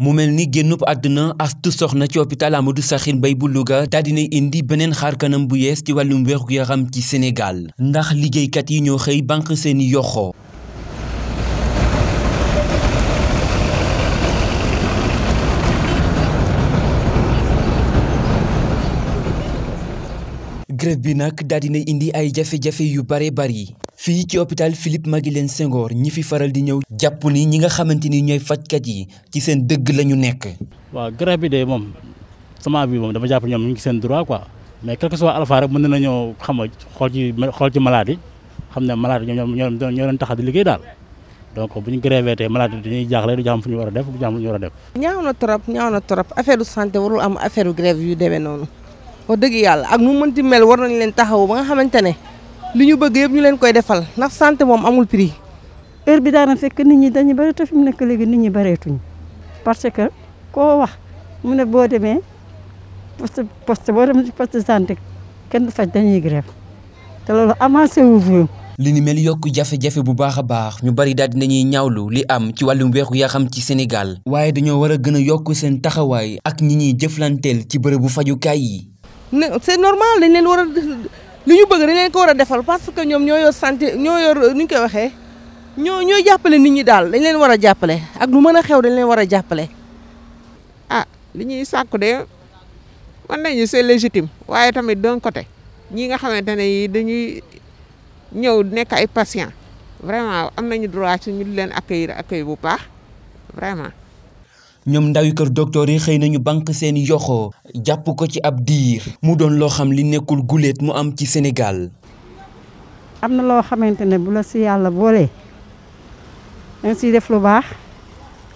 mu mel ni génnub àdduna astu soxna ci hôpital Amadou Sakhir Mbaye bu Louga daal dina indi beneen xaar kanam bu yees ci wàllum wérgu yaram ci Sénégal ndax liggéeykat yi ñoo xëy banque seeni yoxoo grève bi nag daal dina indi ay jafe-jafe yu bare bari fii ci hôpital Philippe Maguilène Senghor ñi fi faral di ñëw jàpp ni nga xamante ni ñooy fajkat yi ci seen dëgg nekk. waaw garab bi de moom sama bi moom dama jàpp ñoom ñu ñoo doon ñoo doon tax di liggéey daal. donc bu ñu a def du a def. ñaaw na trop ñaaw na trop affaire santé warul am affaire grève yu demee noonu wax dëgg yàlla ak nu mënti mel war nañ leen taxawu ba nga xamante li ñu bëgg yëpp ñu leen koy defal ndax sante moom amul prix. heure bi daana fekk nit ñi dañuy bëri te fi mu nekk léegi nit ñi bëreetuñu parce que koo wax mu ne boo demee poste poste boo demee poste de santé kenn du faj dañuy grève te loolu avancé wu ñu. li ni mel yokk jafe-jafe bu baax a baax ñu bari daal dinañuy ñaawlu li am ci wàllum weexu xam ci Sénégal waaye dañoo war a gën a yokk seen taxawaay ak ñi ñuy jëflanteel ci bërëbu fajukaay yi. ne c'est normal dañ leen war lu ñu bëgg dañ leen ko war a defal parce que ñoom ñoo yor santé ñoo yor nu ñu koy waxee ñoo ñooy jàppale nit ñi daal dañ leen war a jàppale ak lu mën a xew dañ leen war a jàppale. ah li ñuy sàkku de mën nañu c'est légitime waaye tamit d'un côté ñi nga xamante ne yi dañuy ñëw nekk ay patient vraiment am nañu droit ci ñu leen a accueil bu baax vraiment. ñoom ndawi kër docteur yi xëy nañu banque seen yoxo jàpp ko ci ab diir mu doon loo xam li nekkul guléet mu am ci Sénégal am na loo xamante ne bu la si yàlla boolee danga si def lu baax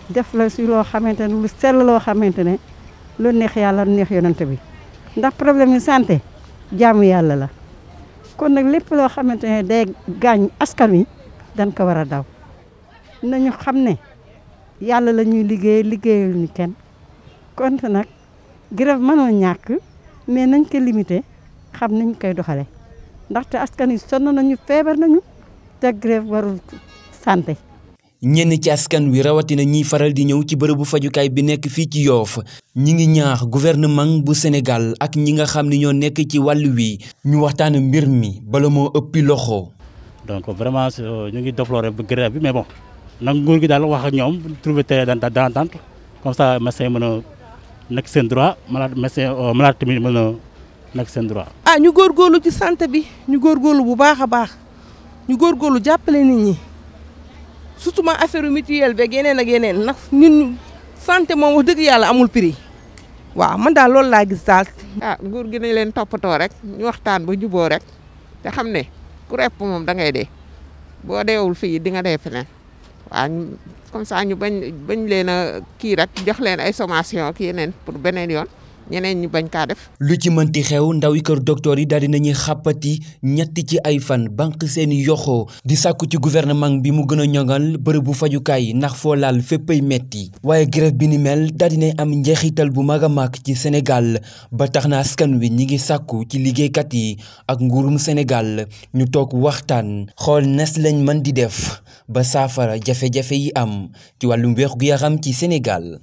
def la si loo xamante ne lu sell loo xamante ne lu neex yàlla lu neex yonent bi ndax problème yi santé jaamu yàlla la kon nag lépp loo xamante ne day gaañ askan wi dañ ko war a daw nañu xam ne yàlla la ñuy liggéey liggéeyal ñu kenn kon nag grève mënoo ñàkk mais nañ ko limité xam nañ koy doxale ndaxte askan wi sonn nañu feebar nañu te grève warul santé ñenn ci askan wi rawatina ñiy faral di ñëw ci bërëbu fajukaay bi nekk fii ci Yoff ñi ngi ñaax gouvernement bu senegal ak ñi nga xam ni ñoo nekk ci wàll wi ñu waxtaan mbir mi bala moo ëpp loxo. donc vraiment euh, ñu ngi bu grève bi mais bon. nag nguur gi daal wax ak ñoom trouver terrain d'entente comme ça médecin mën a nekk seen droit malade médecin euh, malade tamit mën a nekk seen droit. ah ñu góorgóorlu ci santé bi ñu góorgóorlu bu baax a baax ñu góorgóorlu jàppale nit ñi surtout ma affaire mutuelle beeg yeneen ak yeneen ndax ñun santé moom wax dëgg yàlla amul prix. waaw man daal loolu laa gis daal. a ah, nguur gi nañ leen toppatoo rek ñu waxtaan ba juboo rek te xam ne ku repp moom da ngay dee boo deewul fii di nga dee feneen. waaw comme ça ñu bañ bañ leen a kii rek jox leen ay sommation ak yeneen pour beneen yoon. ñeneen ñu bañ kaa def. lu ci mënti xew ndaw yi kër docteur yi daal di nañuy xàppati ñetti ci ay fan banque seen i yoxoo di sàkku ci gouvernement bi mu gën a ñoŋal bërëbu fajukaay ndax foo laal féppay metti waaye grève bi ni mel daal am njeexital bu mag a ci Sénégal ba tax askan wi ñi ngi sàkku ci liggéeykat yi ak nguurum Sénégal ñu toog waxtaan xool nas lañ mën di def ba saafara jafe-jafe yi am ci wàllum gu yaxam ci Sénégal.